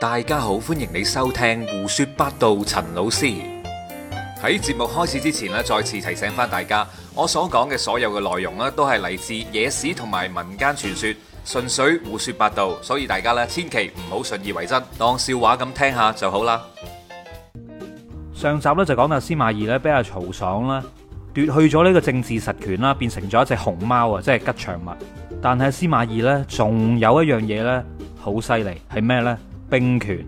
大家好，歡迎你收聽胡說八道。陳老師喺節目開始之前咧，再次提醒翻，大家，我所講嘅所有嘅內容咧都係嚟自野史同埋民間傳說，純粹胡說八道，所以大家咧千祈唔好信以為真，當笑話咁聽下就好啦。上集咧就講到司馬懿咧俾阿曹爽啦奪去咗呢個政治實權啦，變成咗一隻熊貓啊，即係吉祥物。但係司馬懿咧仲有一樣嘢咧好犀利，係咩呢？兵權，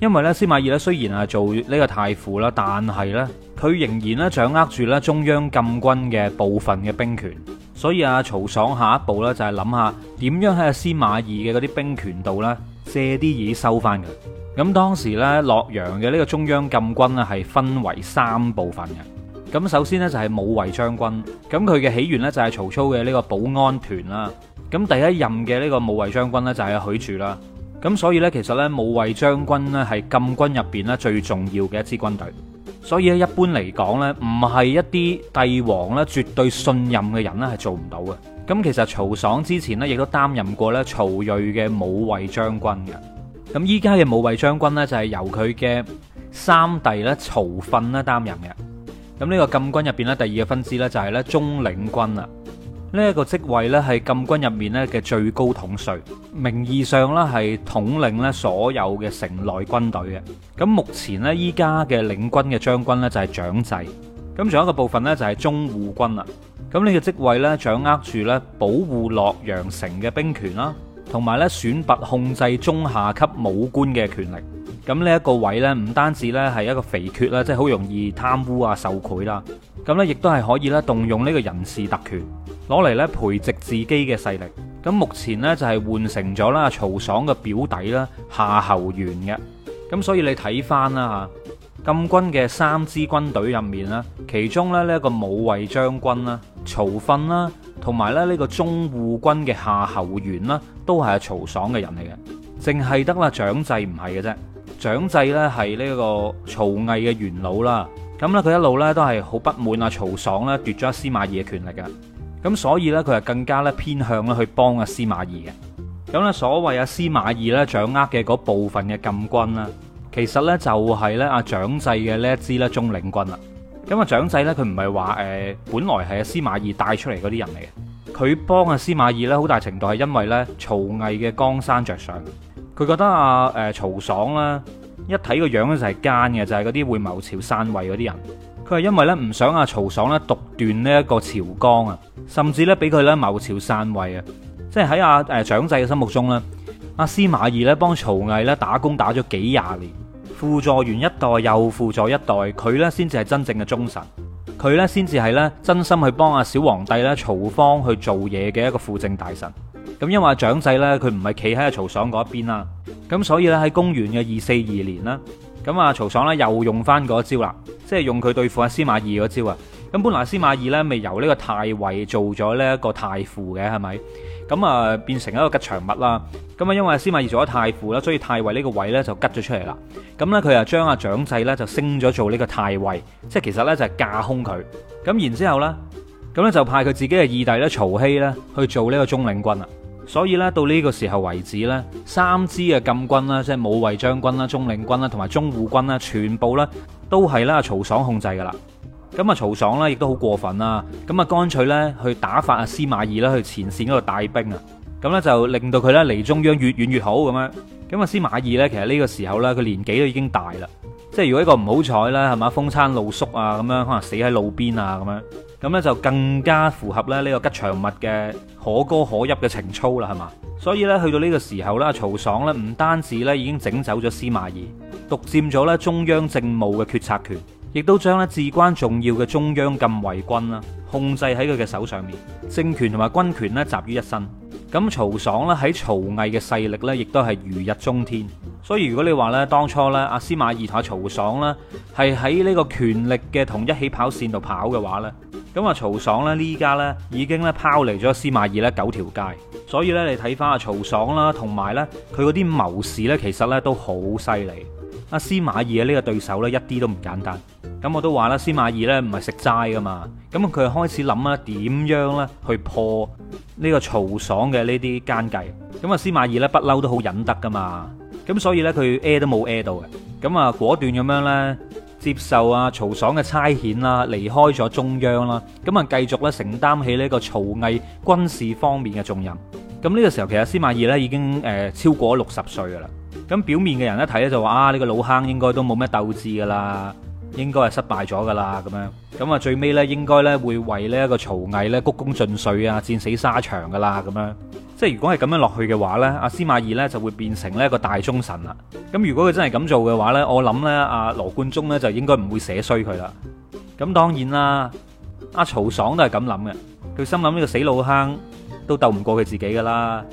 因為咧司馬懿咧雖然係做呢個太傅啦，但係咧佢仍然咧掌握住咧中央禁軍嘅部分嘅兵權，所以阿曹爽下一步咧就係諗下點樣喺阿司馬懿嘅嗰啲兵權度咧借啲嘢，收翻佢。咁當時咧洛陽嘅呢個中央禁軍啊，係分為三部分嘅，咁首先呢，就係武衛將軍，咁佢嘅起源呢，就係曹操嘅呢個保安團啦，咁第一任嘅呢個武衛將軍呢，就係阿許褚啦。咁所以呢，其實呢武衛將軍呢係禁軍入邊呢最重要嘅一支軍隊，所以咧一般嚟講呢，唔係一啲帝王呢絕對信任嘅人呢係做唔到嘅。咁其實曹爽之前呢亦都擔任擔任過呢曹睿嘅武衛將軍嘅。咁依家嘅武衛將軍呢，就係由佢嘅三弟呢曹訓咧擔任嘅。咁呢個禁軍入邊呢，第二個分支呢，就係呢中領軍啦。呢一個職位呢係禁軍入面呢嘅最高統帥，名義上呢係統領呢所有嘅城內軍隊嘅。咁目前呢依家嘅領軍嘅將軍呢就係長制。咁仲有一個部分呢就係中護軍啦。咁呢個職位呢掌握住呢保護洛陽城嘅兵權啦，同埋呢選拔控制中下級武官嘅權力。咁呢一個位呢，唔單止呢係一個肥缺啦，即係好容易貪污啊、受賄啦。咁呢亦都係可以呢動用呢個人事特權攞嚟呢培植自己嘅勢力。咁目前呢，就係換成咗啦曹爽嘅表弟啦夏侯元嘅。咁所以你睇翻啦吓禁軍嘅三支軍隊入面啦，其中咧呢一個武衞將軍啦曹訓啦，同埋咧呢個中護軍嘅夏侯元啦，都係阿曹爽嘅人嚟嘅，淨係得啦蔣濟唔係嘅啫。蔣濟咧係呢個曹魏嘅元老啦，咁咧佢一路咧都係好不滿啊曹爽咧奪咗司馬懿嘅權力嘅，咁所以咧佢係更加咧偏向咧去幫阿司馬懿嘅，咁咧所謂啊司馬懿咧掌握嘅部分嘅禁軍啦，其實咧就係咧阿蔣濟嘅呢一支咧中領軍啦，咁阿蔣濟咧佢唔係話誒本來係阿司馬懿帶出嚟嗰啲人嚟嘅，佢幫阿司馬懿咧好大程度係因為咧曹魏嘅江山着想。佢覺得阿誒、啊、曹爽咧一睇個樣咧就係奸嘅，就係嗰啲會謀朝篡位嗰啲人。佢係因為咧唔想阿曹爽咧獨斷呢一個朝綱啊，甚至咧俾佢咧謀朝篡位啊。即係喺阿誒長仔嘅心目中咧，阿、啊、司馬懿咧幫曹魏咧打工打咗幾廿年，輔助完一代又輔助一代，佢咧先至係真正嘅忠臣，佢咧先至係咧真心去幫阿小皇帝咧曹芳去做嘢嘅一個輔政大臣。咁因為阿蔣濟咧，佢唔係企喺阿曹爽嗰邊啦，咁所以咧喺公元嘅二四二年啦，咁阿曹爽咧又用翻嗰招啦，即係用佢對付阿司馬懿嗰招啊。咁本來司馬懿咧未由呢個太尉做咗呢一個太傅嘅，係咪？咁啊變成一個吉祥物啦。咁啊因為阿司馬懿做咗太傅啦，所以太尉呢個位咧就吉咗出嚟啦。咁咧佢又將阿蔣濟咧就升咗做呢個太尉，即係其實咧就係架空佢。咁然之後咧，咁咧就派佢自己嘅二弟咧曹羲咧去做呢個中領軍啦。所以咧，到呢個時候為止咧，三支嘅禁軍啦，即係武衛將軍啦、中領軍啦、同埋中護軍啦，全部咧都係咧曹爽控制噶啦。咁啊，曹爽咧亦都好過分啦。咁啊，乾脆咧去打發阿司馬懿啦去前線嗰度帶兵啊。咁咧就令到佢咧離中央越遠越好咁樣。咁啊，司馬懿咧其實呢個時候咧佢年紀都已經大啦。即係如果一個唔好彩咧係咪？風餐露宿啊，咁樣可能死喺路邊啊咁樣。咁呢就更加符合咧呢個吉祥物嘅可歌可泣嘅情操啦，係嘛？所以呢，去到呢個時候呢，曹爽呢唔單止呢已經整走咗司馬懿，獨佔咗呢中央政務嘅決策權，亦都將呢至關重要嘅中央禁衛軍啦控制喺佢嘅手上面，政權同埋軍權呢集於一身。咁曹爽呢喺曹魏嘅勢力呢亦都係如日中天。所以如果你話呢當初呢，阿司馬懿同阿曹爽呢係喺呢個權力嘅同一起跑線度跑嘅話呢。咁啊，曹爽咧，呢家呢已經咧拋離咗司馬懿咧九條街，所以呢，你睇翻阿曹爽啦，同埋呢佢嗰啲謀士呢，其實呢都好犀利。阿司馬懿嘅呢個對手呢，一啲都唔簡單。咁我都話啦，司馬懿呢唔係食齋噶嘛，咁佢開始諗吖點樣呢去破呢個曹爽嘅呢啲奸計。咁啊，司馬懿呢，不嬲都好忍得噶嘛，咁所以呢，佢 A 都冇 A 到嘅，咁啊果斷咁樣呢，接受啊曹爽嘅差遣啦，離開咗中央啦，咁啊繼續咧承擔起呢個曹魏軍事方面嘅重任。咁呢個時候其實司馬懿咧已經誒、呃、超過六十歲噶啦，咁表面嘅人一睇咧就話啊呢、呢個老坑應該都冇咩鬥志噶啦，應該係失敗咗噶啦咁樣，咁啊最尾咧應該咧會為呢一個曹魏咧鞠躬盡瘁啊，戰死沙場噶啦咁樣。即係如果係咁樣落去嘅話呢，阿司馬懿呢就會變成呢個大忠臣啦。咁如果佢真係咁做嘅話呢我諗呢，阿羅貫中呢就應該唔會寫衰佢啦。咁當然啦，阿曹爽都係咁諗嘅，佢心諗呢個死老坑都鬥唔過佢自己噶啦。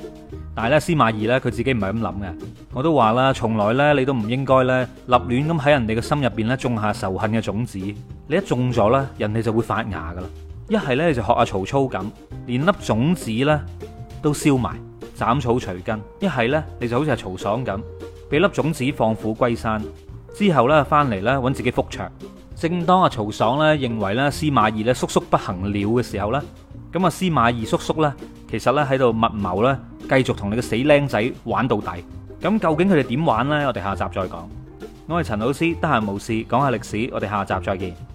但係呢，司馬懿呢，佢自己唔係咁諗嘅。我都話啦，從來呢你都唔應該呢立亂咁喺人哋嘅心入邊呢種下仇恨嘅種子。你一種咗呢，人哋就會發芽噶啦。一係呢就學阿曹操咁，連粒種子呢，都燒埋，斬草除根。一係呢，你就好似係曹爽咁，俾粒種子放虎歸山之後呢，翻嚟呢揾自己覆巢。正當阿曹爽呢認為呢司馬懿呢叔叔不行了嘅時候呢，咁阿司馬懿叔叔呢，其實呢喺度密謀呢，繼續同你個死僆仔玩到底。咁究竟佢哋點玩呢？我哋下集再講。我係陳老師，得閒無事講下歷史，我哋下集再見。